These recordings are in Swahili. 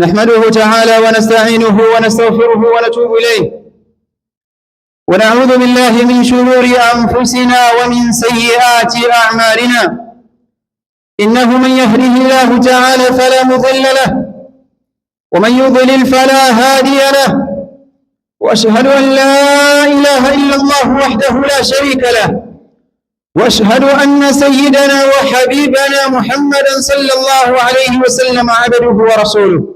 نحمده تعالى ونستعينه ونستغفره ونتوب إليه ونعوذ بالله من شرور أنفسنا ومن سيئات أعمالنا إنه من يهده الله تعالى فلا مضل له ومن يضلل فلا هادي له وأشهد أن لا إله إلا الله وحده لا شريك له وأشهد أن سيدنا وحبيبنا محمدا صلى الله عليه وسلم عبده ورسوله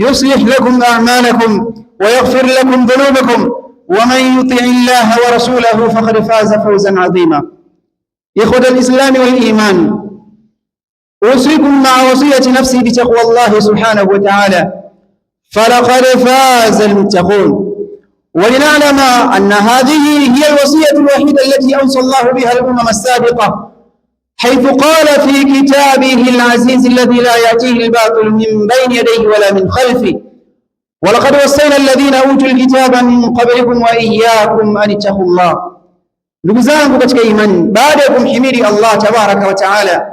يصلح لكم أعمالكم ويغفر لكم ذنوبكم ومن يطع الله ورسوله فقد فاز فوزا عظيما إخوة الإسلام والإيمان أوصيكم مع وصية نفسي بتقوى الله سبحانه وتعالى فلقد فاز المتقون ولنعلم أن هذه هي الوصية الوحيدة التي أوصى الله بها الأمم السابقة حيث قال في كتاب العزيز الذي لا يأتيه الباطل من بين يديه ولا من خلفه ولقد وصينا الذين اوتوا الkitaba min qablikum wa iyyakum an ittaqullah. Ndugu zangu katika imani, baada ya kumhimiri Allah tabaraka wa taala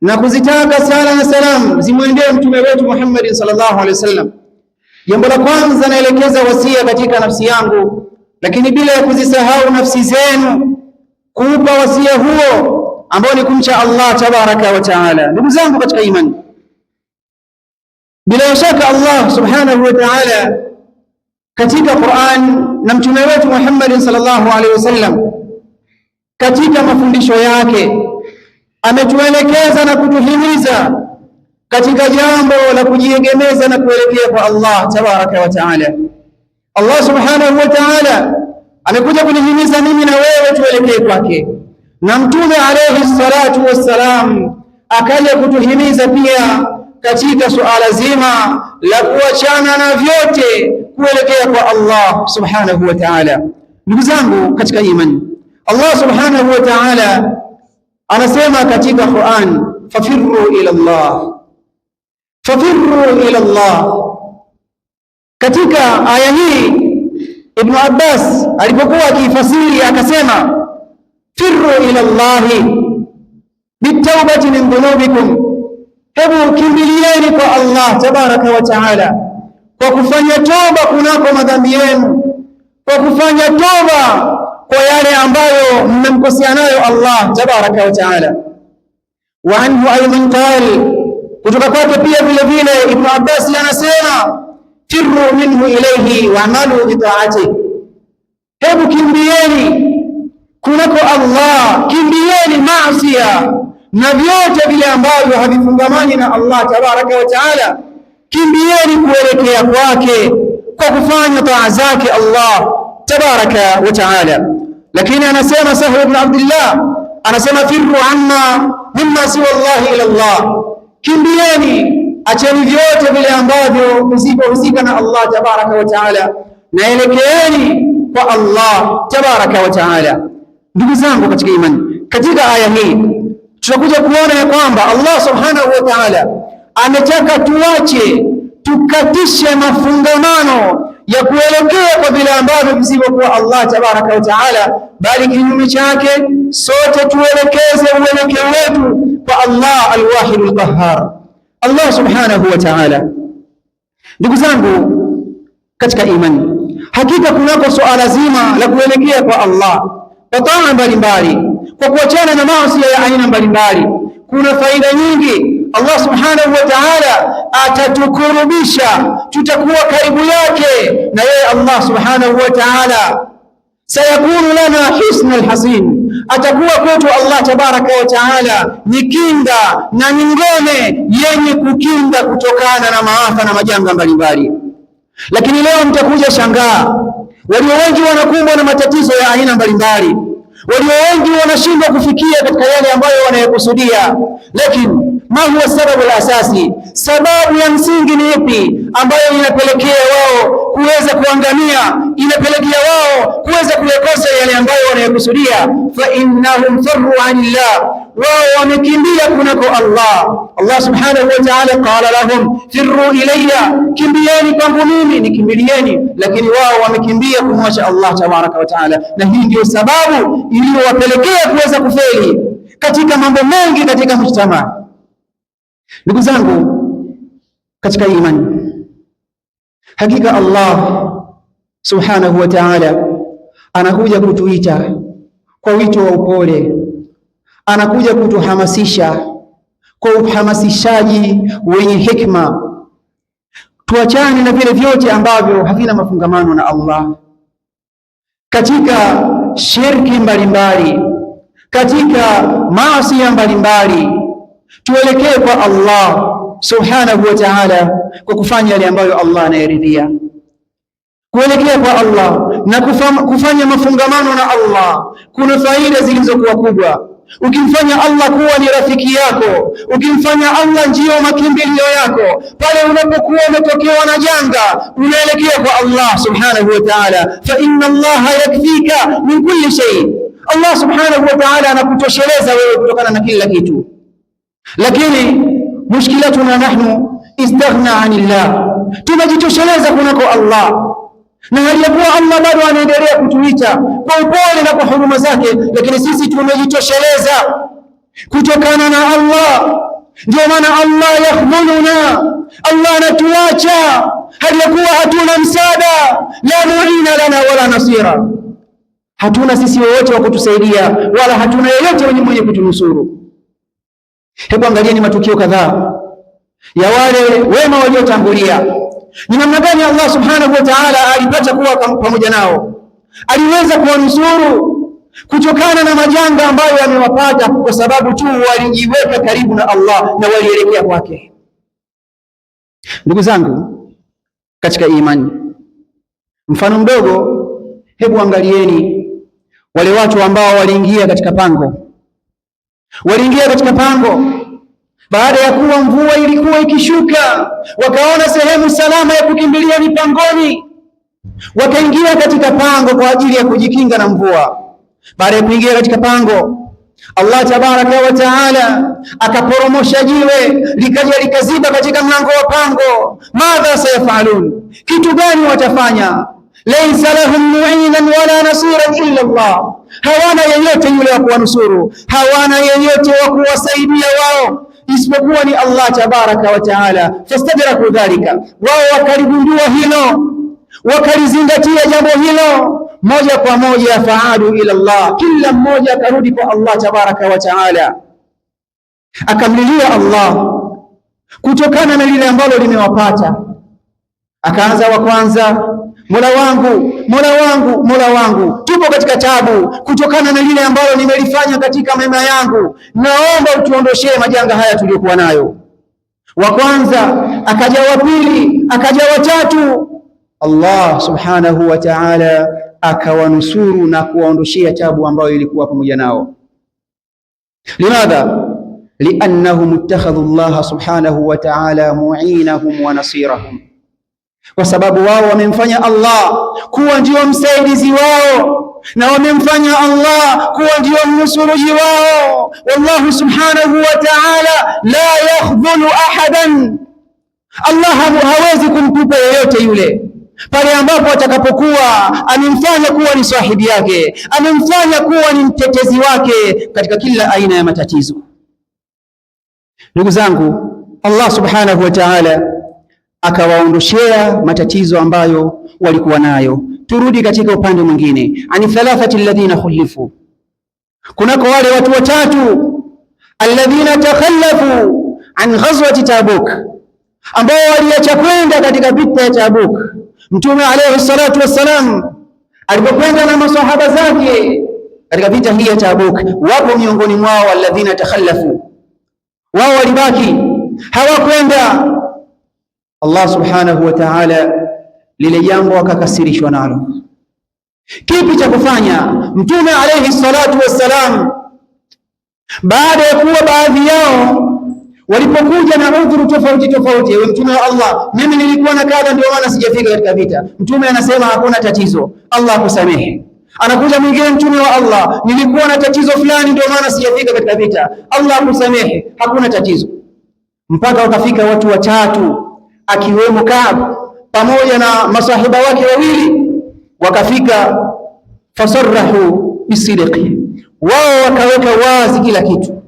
na kuzitaka sala na salam zimwendee mtume wetu Muhammad sallallahu alaihi wasallam, jambo la kwanza naelekeza wasia katika nafsi yangu, lakini bila ya kuzisahau nafsi zenu, kuupa wasia huo ambao ni kumcha Allah tabaraka wa taala. Ndugu zangu katika imani, bila shaka Allah subhanahu wa taala katika Qur'an na mtume wetu Muhammad sallallahu alaihi wasallam katika mafundisho yake ametuelekeza na kutuhimiza katika jambo la kujiegemeza na kuelekea kwa Allah tabaraka wa taala. Allah subhanahu wa taala amekuja kunihimiza mimi na wewe tuelekee kwake na Mtume alayhi salatu wassalam akaja kutuhimiza pia katika suala zima la kuachana na vyote kuelekea kwa Allah subhanahu wa ta'ala. Ndugu zangu katika imani, Allah subhanahu wa ta'ala anasema katika Qur'an, fafirru ila Allah, fafirru ila Allah. Katika aya hii Ibn Abbas alipokuwa akifasiri akasema firru ila llahi bitaubati min dhunubikum, hebu kimbilieni kwa Allah tabaraka wa taala kwa kufanya toba kunako madhambi yenu, kwa kufanya toba kwa yale ambayo mmemkosea nayo Allah tabaraka wa taala. Wa anhu aidan qal, kutoka kwake pia vile vile Ibn Abbas anasema firru minhu ilayhi wa amalu bi hebu kimbieni kunako Allah, kimbieni maasia na vyote vile ambavyo havifungamani na Allah tabaraka wa taala, kimbieni kuelekea kwake kwa kufanya taa zake Allah tabaraka wa taala. Lakini anasema Sahl ibn Abdullah, anasema firru anna mimma siwa Allah ila Allah, kimbieni acheni vyote vile ambavyo visivyohusika na Allah tabaraka wa taala, naelekeeni kwa Allah tabaraka wa taala. Ndugu zangu katika imani, katika aya hii tunakuja kuona ya kwamba Allah subhanahu wa ta'ala ametaka tuache tukatishe mafungamano ya kuelekea kwa vile ambavyo visivyokuwa Allah tabaraka wa taala, bali kinyume chake sote tuelekeze uelekeo wetu kwa Allah alwahidu lqahar Allah subhanahu wa taala. Ndugu zangu katika imani, hakika kunako suala zima la kuelekea kwa Allah wa taa mbalimbali, kwa kuachana na maasi ya aina mbalimbali. Kuna faida nyingi. Allah subhanahu wa ta'ala atatukurubisha, tutakuwa karibu yake, na yeye Allah subhanahu wa ta'ala sayakunu lana husna alhasin, atakuwa kwetu Allah tabaraka wa taala ni kinga na ni ngome yenye kukinga kutokana na maafa na majanga mbalimbali. Lakini leo mtakuja shangaa Walio wengi wanakumbwa na matatizo ya aina mbalimbali, walio wengi wanashindwa kufikia katika yale ambayo wanayokusudia, lakini ma huwa sababu la asasi, sababu ya msingi ni ipi ambayo inapelekea wao kuweza kuangamia, inapelekea wao kuweza kuyakosa yale ambayo wanayokusudia. fa innahum farru anillah, wao wamekimbia kunako Allah. Allah subhanahu wa ta'ala qala lahum firru ilayya, kimbieni kwangu mimi, nikimbilieni. Lakini wao wamekimbia kumwacha Allah tabaraka wa taala, na hii ndio sababu iliyowapelekea kuweza kufeli katika mambo mengi katika mujtamaa Ndugu zangu katika imani, hakika Allah subhanahu wa ta'ala anakuja kutuita kwa wito wa upole, anakuja kutuhamasisha kwa uhamasishaji wenye hikma. Tuachane na vile vyote ambavyo havina mafungamano na Allah, katika shirki mbalimbali, katika maasi mbalimbali Tuelekee kwa Allah subhanahu wa ta'ala, kwa kufanya yale ambayo Allah anayeridhia, kuelekea kwa Allah na kufanya mafungamano na Allah kuna faida zilizokuwa kubwa. Ukimfanya Allah kuwa ni rafiki yako, ukimfanya Allah njio makimbilio yako, pale unapokuwa umetokewa na janga, unaelekea kwa Allah subhanahu wa ta'ala, fa inna Allah yakfika min kulli shay, Allah subhanahu wa ta'ala anakutosheleza wewe kutokana na kila kitu. Lakini mushkilatuna nahnu istaghna anillah, tumejitosheleza kunako Allah na hali ya kuwa Allah bado anaendelea kutuita kwa upole na kwa huruma zake, lakini sisi tumejitosheleza kutokana na Allah. Ndio maana Allah yakhzuluna, Allah anatuacha hali ya kuwa hatuna msaada, la muina lana wala nasira, hatuna sisi wowote wa kutusaidia wala hatuna yeyote mwenye mwenye kutunusuru Hebu angalieni matukio kadhaa ya wale wema waliotangulia, ni namna gani Allah subhanahu wa ta'ala alipata kuwa pamoja nao, aliweza kuwanusuru kutokana na majanga ambayo yamewapata kwa sababu tu walijiweka karibu na Allah na walielekea kwake. Ndugu zangu katika imani, mfano mdogo, hebu angalieni wale watu ambao waliingia katika pango Waliingia katika pango baada ya kuwa mvua ilikuwa ikishuka, wakaona sehemu salama ya kukimbilia ni pangoni. Wakaingia katika pango kwa ajili ya kujikinga na mvua. Baada ya kuingia katika pango, Allah tabaraka wa taala akaporomosha jiwe likaja likaziba katika mlango wa pango. Madha sayafalun, kitu gani watafanya? Laisa lahum muinan wala nasiran illa Allah hawana yeyote yule wa kuwanusuru, hawana yeyote wa kuwasaidia wao isipokuwa ni Allah tabaraka wa taala. Fastadraku dhalika, wao wakaligundua hilo, wakalizingatia jambo hilo moja kwa moja, faadu ila Allah, kila mmoja akarudi kwa Allah tabaraka wa taala, akamlilia Allah kutokana na lile ambalo limewapata. Akaanza wa kwanza Mola wangu, Mola wangu, Mola wangu, tupo katika tabu kutokana na lile ambalo nimelifanya katika mema yangu, naomba utuondoshee majanga haya tuliyokuwa nayo. Wa kwanza akaja, wa pili akaja, wa tatu. Allah subhanahu wa ta'ala akawanusuru na kuwaondoshea tabu ambayo ilikuwa pamoja nao. Limadha liannahum ittakhadhu Allah subhanahu wa ta'ala mu'inahum wa nasirahum kwa sababu wao wamemfanya Allah kuwa ndio msaidizi wao na wamemfanya Allah kuwa ndio mnusuruji wao. Wallahu subhanahu wa ta'ala la yakhdhulu ahadan, Allah hawezi kumtupa yeyote yule pale ambapo atakapokuwa amemfanya kuwa ni sahibi yake, amemfanya kuwa ni mtetezi wake katika kila aina ya matatizo. Ndugu zangu, Allah subhanahu wa ta'ala akawaondoshea matatizo ambayo walikuwa nayo. Turudi katika upande mwingine, ani thalathati alladhina khulifu, kunako wale watu watatu alladhina takhallafu an ghazwati Tabuk, ambao waliacha kwenda katika vita ya Tabuk. Mtume alayhi salatu wassalam alipokwenda na masahaba zake katika vita hii ya Tabuk, wapo miongoni mwao alladhina takhallafu, wao walibaki hawakwenda Allah subhanahu wa ta'ala lile jambo akakasirishwa nalo. Kipi cha kufanya? Mtume alayhi salatu wassalam, baada ya kuwa baadhi yao walipokuja na udhuru tofauti tofauti, we mtume wa Allah, mimi nilikuwa na kadha, ndio maana sijafika katika vita. Mtume anasema hakuna tatizo, Allah akusamehe. Anakuja mwingine, mtume wa Allah, nilikuwa na tatizo fulani, ndio maana sijafika katika vita. Allah akusamehe, hakuna tatizo. Mpaka wakafika watu watatu akiwemo Kaab pamoja na masahaba wake wawili, wakafika fasarahu bisidqi, wao wakaweka wazi kila kitu,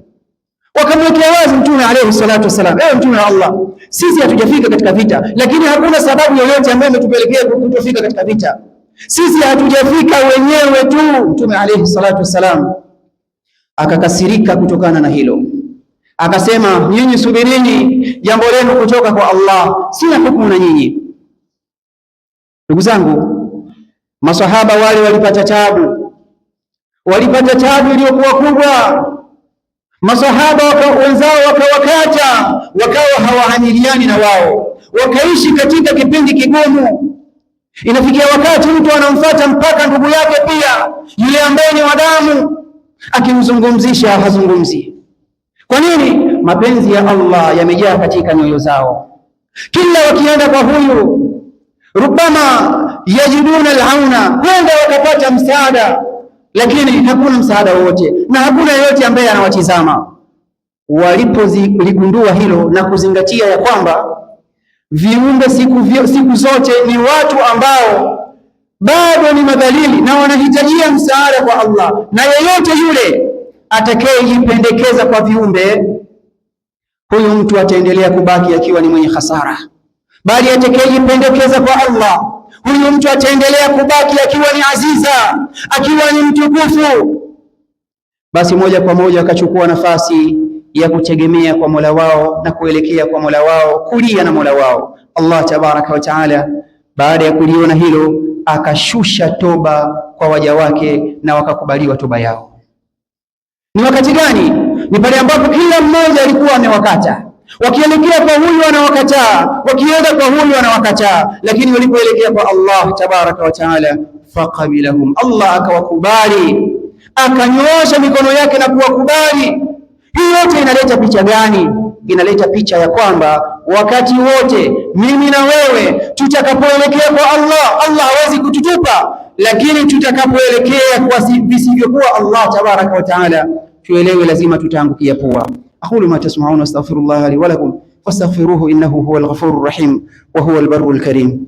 wakamwekea wazi mtume alayhi salatu wasalam. Ewe mtume wa Allah, sisi hatujafika katika vita, lakini hakuna sababu yoyote ambayo imetupelekea kutofika katika vita. Sisi hatujafika wenyewe tu. Mtume alayhi salatu wasalam akakasirika kutokana na hilo Akasema, nyinyi subirini jambo lenu kutoka kwa Allah, sina hukumu na nyinyi. Ndugu zangu, masahaba wale walipata tabu, walipata tabu iliyokuwa kubwa. Masahaba wenzao wakawakata, wakawa hawaamiliani na wao, wakaishi katika kipindi kigumu. Inafikia wakati mtu anamfuata mpaka ndugu yake pia yule ambaye ni wadamu, akimzungumzisha hazungumzi kwa nini? Mapenzi ya Allah yamejaa katika nyoyo zao, kila wakienda kwa huyu rubama yajiduna alhauna, kwenda wakapata msaada, lakini hakuna msaada wowote na hakuna yeyote ambaye anawatizama. Walipoligundua hilo na kuzingatia ya kwamba viumbe siku, siku zote ni watu ambao bado ni madhalili na wanahitajia msaada kwa Allah na yeyote yule atakayejipendekeza kwa viumbe, huyu mtu ataendelea kubaki akiwa ni mwenye hasara, bali atakayejipendekeza kwa Allah, huyu mtu ataendelea kubaki akiwa ni aziza, akiwa ni mtukufu. Basi moja kwa moja akachukua nafasi ya kutegemea kwa Mola wao na kuelekea kwa Mola wao, kulia na Mola wao Allah tabaraka wa taala. Baada ya kuliona hilo, akashusha toba kwa waja wake na wakakubaliwa toba yao. Ni wakati gani? Ni pale ambapo kila mmoja alikuwa amewakata wakielekea kwa huyu anawakataa, wakienda kwa huyu anawakataa, lakini walipoelekea kwa Allah tabaraka wa taala, faqabilahum, Allah akawakubali, akanyoosha mikono yake na kuwakubali. Hii yote inaleta picha gani? Inaleta picha ya kwamba wakati wote mimi na wewe tutakapoelekea kwa Allah, Allah hawezi kututupa lakini tutakapoelekea kwa visivyokuwa Allah tabaraka wa taala, tuelewe lazima tutaangukia pua. aqulu ma tasmaun astaghfirullah li wa lakum fastaghfiruhu innahu huwa ghafurur rahim wa huwal barrul karim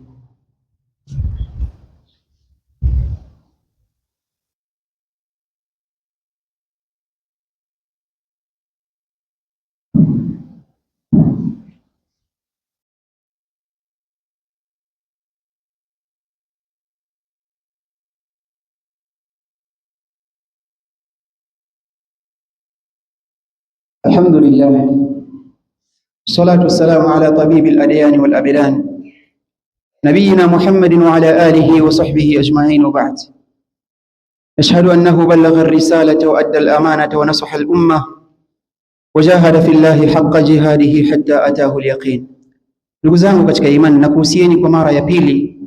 الحمد لله الصلاة والسلام على طبيب الأديان والأبدان نبينا محمد وعلى آله وصحبه أجمعين وبعد أشهد أنه بلغ الرسالة وأدى الأمانة ونصح الأمة وجاهد في الله حق جهاده حتى أتاه اليقين ndugu بجك إيمان imani كمارا يبيلي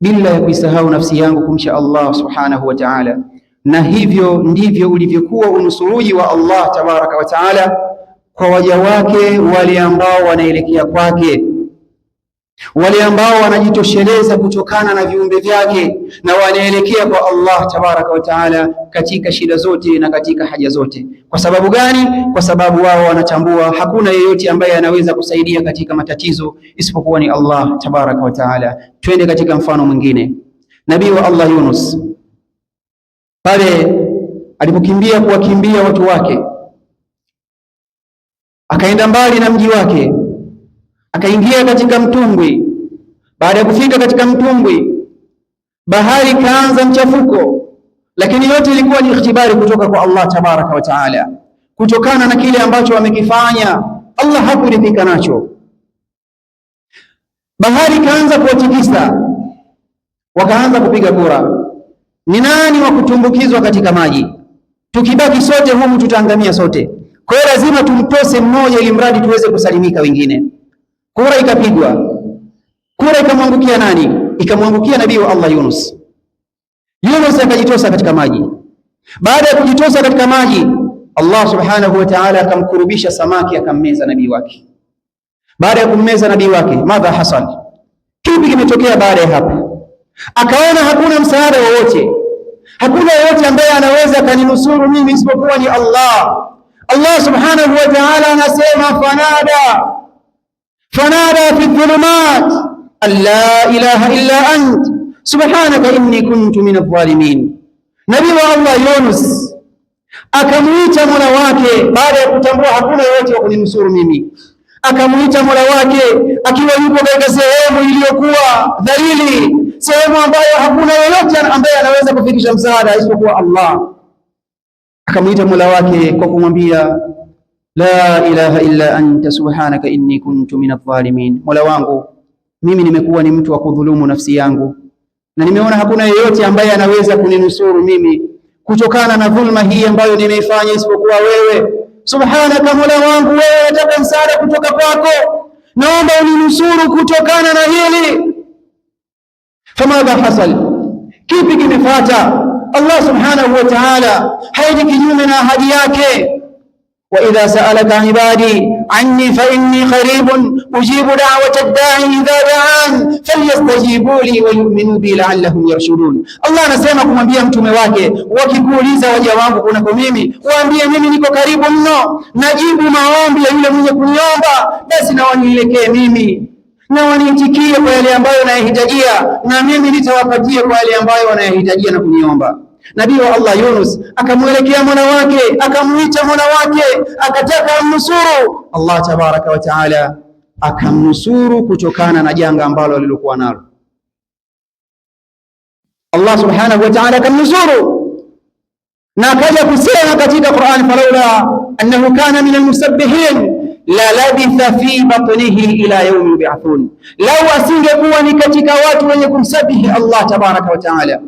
بالله mara ya pili الله سبحانه وتعالى na hivyo ndivyo ulivyokuwa unusuruji wa Allah tabaraka wa taala kwa waja wake wale ambao wanaelekea kwake, wale ambao wanajitosheleza kutokana na viumbe vyake na wanaelekea kwa Allah tabaraka wa taala katika shida zote na katika haja zote. Kwa sababu gani? Kwa sababu wao wanatambua hakuna yeyote ambaye anaweza kusaidia katika matatizo isipokuwa ni Allah tabaraka wa taala. Twende katika mfano mwingine, nabii wa Allah Yunus pale alipokimbia kuwakimbia watu wake, akaenda mbali na mji wake, akaingia katika mtumbwi. Baada ya kufika katika mtumbwi, bahari kaanza mchafuko, lakini yote ilikuwa ni ikhtibari kutoka kwa Allah tabaraka wa taala, kutokana na kile ambacho wamekifanya Allah hakuridhika nacho. Bahari kaanza kuwatikisa, wakaanza kupiga kura ni nani wa kutumbukizwa katika maji? Tukibaki sote humu tutaangamia sote. Kwa hiyo lazima tumtose mmoja, ili mradi tuweze kusalimika wengine. Kura ikapigwa, kura ikamwangukia nani? Ikamwangukia nabii wa Allah Yunus. Yunus akajitosa katika maji. Baada ya kujitosa katika maji, Allah subhanahu wa ta'ala akamkurubisha samaki, akammeza nabii wake. Baada ya kummeza nabii wake, madha hasan, kipi kimetokea baada ya hapo? akaona hakuna msaada wowote, hakuna yoyote ambaye anaweza akaninusuru mimi isipokuwa ni Allah. Allah subhanahu wa ta'ala anasema fanada fanada fi dhulumat an la ilaha illa ant subhanaka inni kuntu min adh-dhalimin. Nabii wa Allah Yunus akamuita mola wake baada ya kutambua hakuna yoyote wa kuninusuru mimi akamuita mola wake akiwa yupo katika sehemu iliyokuwa dhalili sehemu ambayo hakuna yeyote ambaye anaweza kufikisha msaada isipokuwa Allah. Akamwita Mola wake kwa kumwambia la ilaha illa anta subhanaka inni kuntu minadh-dhalimin, Mola wangu mimi nimekuwa ni mtu wa kudhulumu nafsi yangu na nimeona hakuna yeyote ambaye anaweza kuninusuru mimi kutokana na dhulma hii ambayo nimeifanya isipokuwa wewe. Subhanaka, Mola wangu, wewe nataka msaada kutoka kwako, naomba uninusuru kutokana na hili famadha hasal, kipi kimefuata? Allah subhanahu wa ta'ala haiji kinyume na ahadi yake wa idha sa'alaka ibadi anni fa inni qaribun ujibu da'wata ad-da'i idha da'an falyastajibu li wa yu'minu bi la'allahum yarshudun. Allah anasema kumwambia mtume wake, wakikuuliza waja wangu kunako mimi, waambie mimi niko karibu mno, najibu maombi ya yule mwenye kuniomba, basi na wanielekee mimi na waniitikie kwa yale ambayo wanayahitajia na mimi nitawapatia kwa yale ambayo wanayahitajia na kuniomba. Nabii wa Allah Yunus akamwelekea mwana wake, akamwita mwana wake, akataka amnusuru. Allah tabaraka wa taala akamnusuru kutokana na janga ambalo alilokuwa nalo. Allah subhanahu wa taala akamnusuru na akaja kusema katika Qur'an, falaula annahu kana min almusabbihin la labitha fi batnihi ila yaumi yub'athun, lau asingekuwa ni katika watu wenye kumsabihi Allah tabaraka wa taala.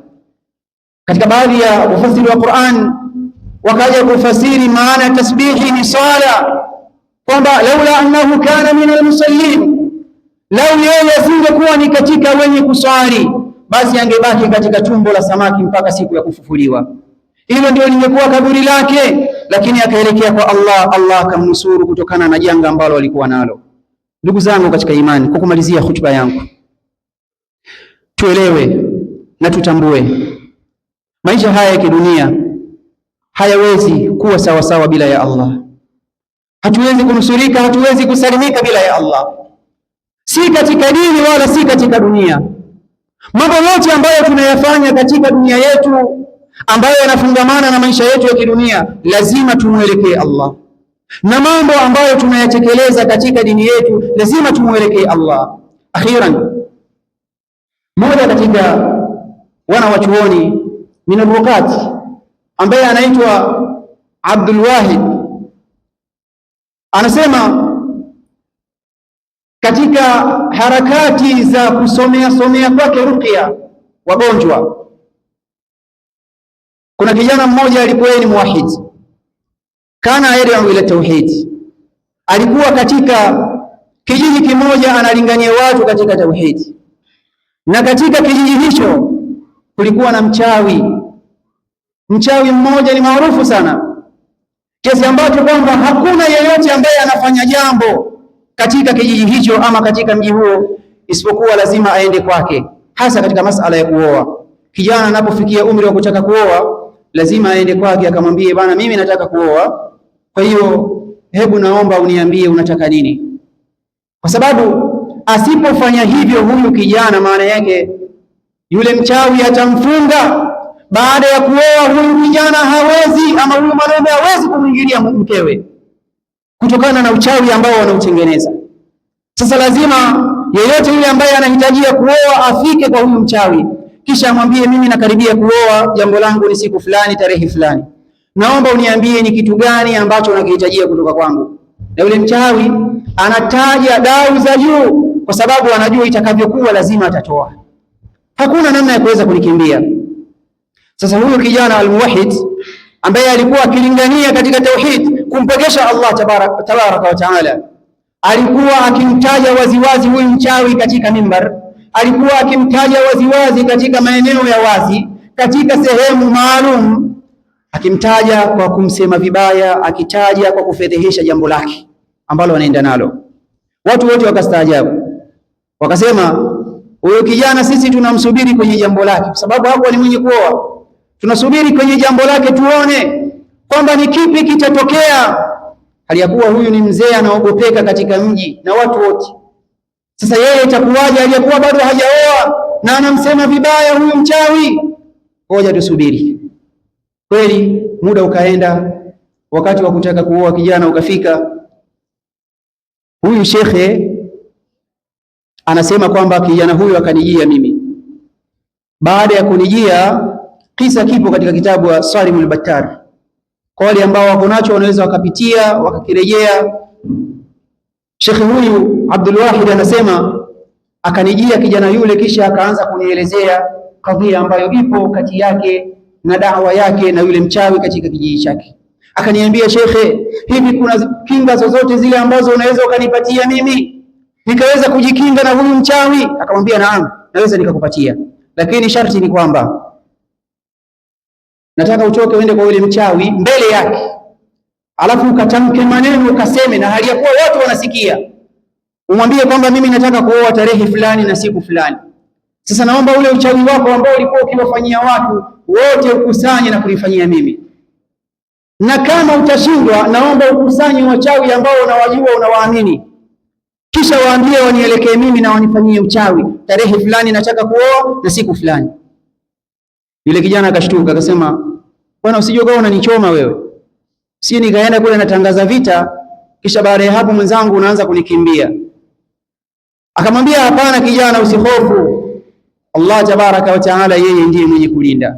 Katika baadhi ya ufasiri wa Qur'an wakaja kufasiri maana ya tasbihi ni swala, kwamba laula annahu kana min almusallin, lau yeye asingekuwa ni katika wenye kuswali, basi angebaki katika tumbo la samaki mpaka siku ya kufufuliwa. Hilo ndio lingekuwa kaburi lake lakini akaelekea kwa Allah, Allah akamnusuru kutokana na janga ambalo alikuwa nalo. Ndugu zangu katika imani, kwa kumalizia hotuba yangu, tuelewe na tutambue maisha haya ya kidunia hayawezi kuwa sawasawa sawa bila ya Allah. Hatuwezi kunusurika, hatuwezi kusalimika bila ya Allah, si katika dini wala si katika dunia. Mambo yote ambayo tunayafanya katika dunia yetu ambayo yanafungamana na maisha yetu ya kidunia, lazima tumwelekee Allah, na mambo ambayo tunayatekeleza katika dini yetu, lazima tumwelekee Allah. Akhiran, mmoja katika wana wa chuoni min alwakati ambaye anaitwa Abdul Wahid anasema katika harakati za kusomea somea kwake ruqya wagonjwa kuna kijana mmoja alikuwa yeye ni muwahid, kana yad'u ila tauhid. Alikuwa katika kijiji kimoja analingania watu katika tauhidi, na katika kijiji hicho kulikuwa na mchawi. Mchawi mmoja ni maarufu sana kiasi ambacho kwamba hakuna yeyote ambaye anafanya jambo katika kijiji hicho ama katika mji huo isipokuwa lazima aende kwake, hasa katika masala ya kuoa. Kijana anapofikia umri wa kutaka kuoa lazima aende kwake akamwambie, bana, mimi nataka kuoa, kwa hiyo hebu naomba uniambie unataka nini, kwa sababu asipofanya hivyo huyu kijana, maana yake yule mchawi atamfunga baada ya kuoa. Huyu kijana hawezi ama huyu mwanaume hawezi kumwingilia mkewe kutokana na uchawi ambao wanautengeneza. Sasa lazima yeyote yule ambaye anahitajia kuoa afike kwa huyu mchawi kisha amwambie mimi nakaribia kuoa, jambo langu ni siku fulani, tarehe fulani, naomba uniambie ni kitu gani ambacho unakihitajia kutoka kwangu. Na yule mchawi anataja dau za juu, kwa sababu anajua itakavyokuwa lazima atatoa, hakuna namna ya kuweza kunikimbia. Sasa huyu kijana almuwahid ambaye alikuwa akilingania katika tauhid kumpokesha Allah tabaraka wa taala, alikuwa akimtaja waziwazi huyu mchawi katika mimbar alikuwa akimtaja waziwazi katika maeneo ya wazi, katika sehemu maalum, akimtaja kwa kumsema vibaya, akitaja kwa kufedhehesha jambo lake ambalo wanaenda nalo. Watu wote wakastaajabu, wakasema huyo kijana sisi tunamsubiri kwenye jambo lake, kwa sababu hapo ni mwenye kuoa. Tunasubiri kwenye jambo lake tuone kwamba ni kipi kitatokea, hali ya kuwa huyu ni mzee anaogopeka katika mji na watu wote sasa yeye itakuwaje? aliyekuwa bado hajaoa na anamsema vibaya huyu mchawi. Ngoja tusubiri. Kweli muda ukaenda, wakati wa kutaka kuoa kijana ukafika. Huyu shekhe anasema kwamba kijana huyu akanijia mimi. Baada ya kunijia, kisa kipo katika kitabu cha Salimul Battar, kwa wale ambao wako nacho wanaweza wakapitia wakakirejea Shekhi huyu Abdul Wahid anasema akanijia kijana yule, kisha akaanza kunielezea kadhia ambayo ipo kati yake na dawa yake na yule mchawi katika kijiji chake. Akaniambia, shekhe, hivi kuna kinga zozote zile ambazo unaweza ukanipatia mimi nikaweza kujikinga na huyu mchawi? Akamwambia, naam, naweza nikakupatia, lakini sharti ni kwamba nataka utoke uende kwa yule mchawi mbele yake alafu ukatamke maneno ukaseme, na hali ya kuwa watu wanasikia, umwambie kwamba mimi nataka kuoa tarehe fulani na siku fulani. Sasa naomba ule uchawi wako ambao ulikuwa ukiwafanyia watu wote ukusanye na kunifanyia mimi, na kama utashindwa, naomba ukusanye wachawi ambao unawajua unawaamini, kisha waambie wanielekee mimi na wanifanyie uchawi, tarehe fulani nataka kuoa na siku fulani. Yule kijana akashtuka akasema, bwana, usijue unanichoma wewe si nikaenda kule natangaza vita, kisha baada ya hapo mwenzangu unaanza kunikimbia. Akamwambia, hapana kijana, usihofu, Allah tabaraka wa taala yeye ndiye mwenye kulinda.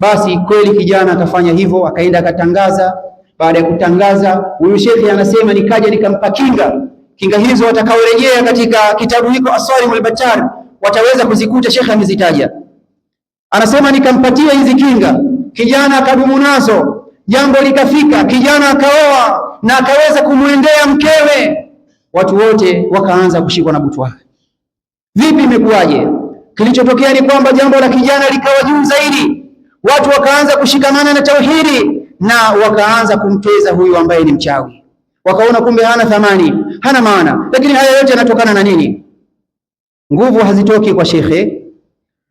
Basi kweli kijana akafanya hivyo, akaenda akatangaza. Baada ya kutangaza, huyu shekhi anasema nikaja nikampa kinga. Kinga hizo watakaorejea katika kitabu hiko Aswarimul Battar wataweza kuzikuta, shekhi amezitaja. Anasema nikampatia hizi kinga, kijana akadumu nazo jambo likafika, kijana akaoa na akaweza kumwendea mkewe, watu wote wakaanza kushikwa na butwa. Vipi, imekuwaje? Kilichotokea ni kwamba jambo la kijana likawa juu zaidi, watu wakaanza kushikamana na tauhidi na wakaanza kumteza huyu ambaye ni mchawi, wakaona kumbe hana thamani, hana maana. Lakini haya yote yanatokana na nini? Nguvu hazitoki kwa shekhe,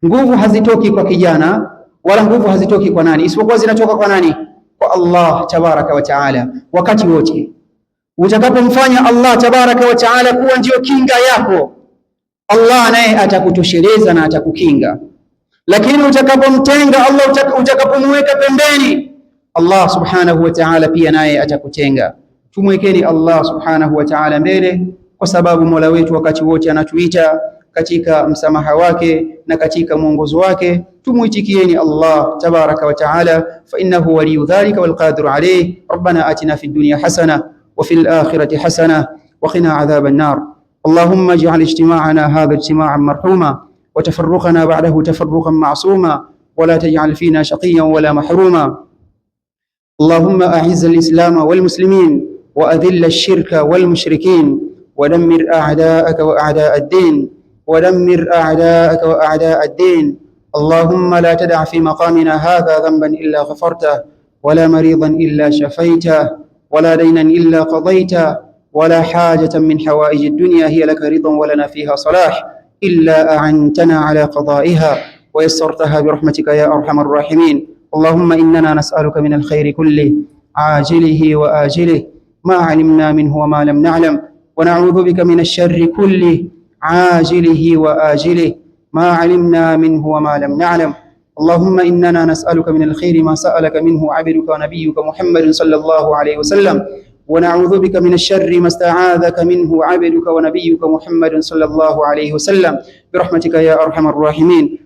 nguvu hazitoki kwa kijana, wala nguvu hazitoki kwa nani, isipokuwa zinatoka kwa nani? kwa Allah tabaraka wa taala wakati wote. Utakapomfanya Allah tabaraka wa taala kuwa ndiyo kinga yako, Allah naye atakutosheleza na atakukinga. Lakini utakapomtenga Allah, utakapomweka pembeni, Allah subhanahu wa taala pia naye atakutenga. Tumwekeni Allah subhanahu wa taala mbele, kwa sababu mola wetu wakati wote anatuita katika msamaha wake na katika mwongozo wake. Tumuitikieni Allah tabaraka wa taala, fa innahu waliyu dhalika wal qadiru alayh. Rabbana atina fid dunya hasana wa fil akhirati hasana wa qina adhaban nar. Allahumma ij'al ijtima'ana hadha ijtima'an marhuma wa tafarruqana ba'dahu tafarruqan ma'suma wa la taj'al fina shaqiyan wa la mahruma. Allahumma a'izz al-islama wal muslimin wa adhill ash-shirka wal mushrikin ودمر أعداءك وأعداء الدين ودمر أعداءك وأعداء الدين اللهم لا تدع في مقامنا هذا ذنبا إلا غفرته ولا مريضا إلا شفيته ولا دينا إلا قضيته ولا حاجة من حوائج الدنيا هي لك رضا ولنا فيها صلاح إلا أعنتنا على قضائها ويسرتها برحمتك يا أرحم الراحمين اللهم إننا نسألك من الخير كله عاجله وآجله ما علمنا منه وما لم نعلم ونعوذ بك من الشر كله عاجله وآجله ما علمنا منه وما لم نعلم اللهم إننا نسألك من الخير ما سألك منه عبدك ونبيك محمد صلى الله عليه وسلم ونعوذ بك من الشر ما استعاذك منه عبدك ونبيك محمد صلى الله عليه وسلم برحمتك يا أرحم الراحمين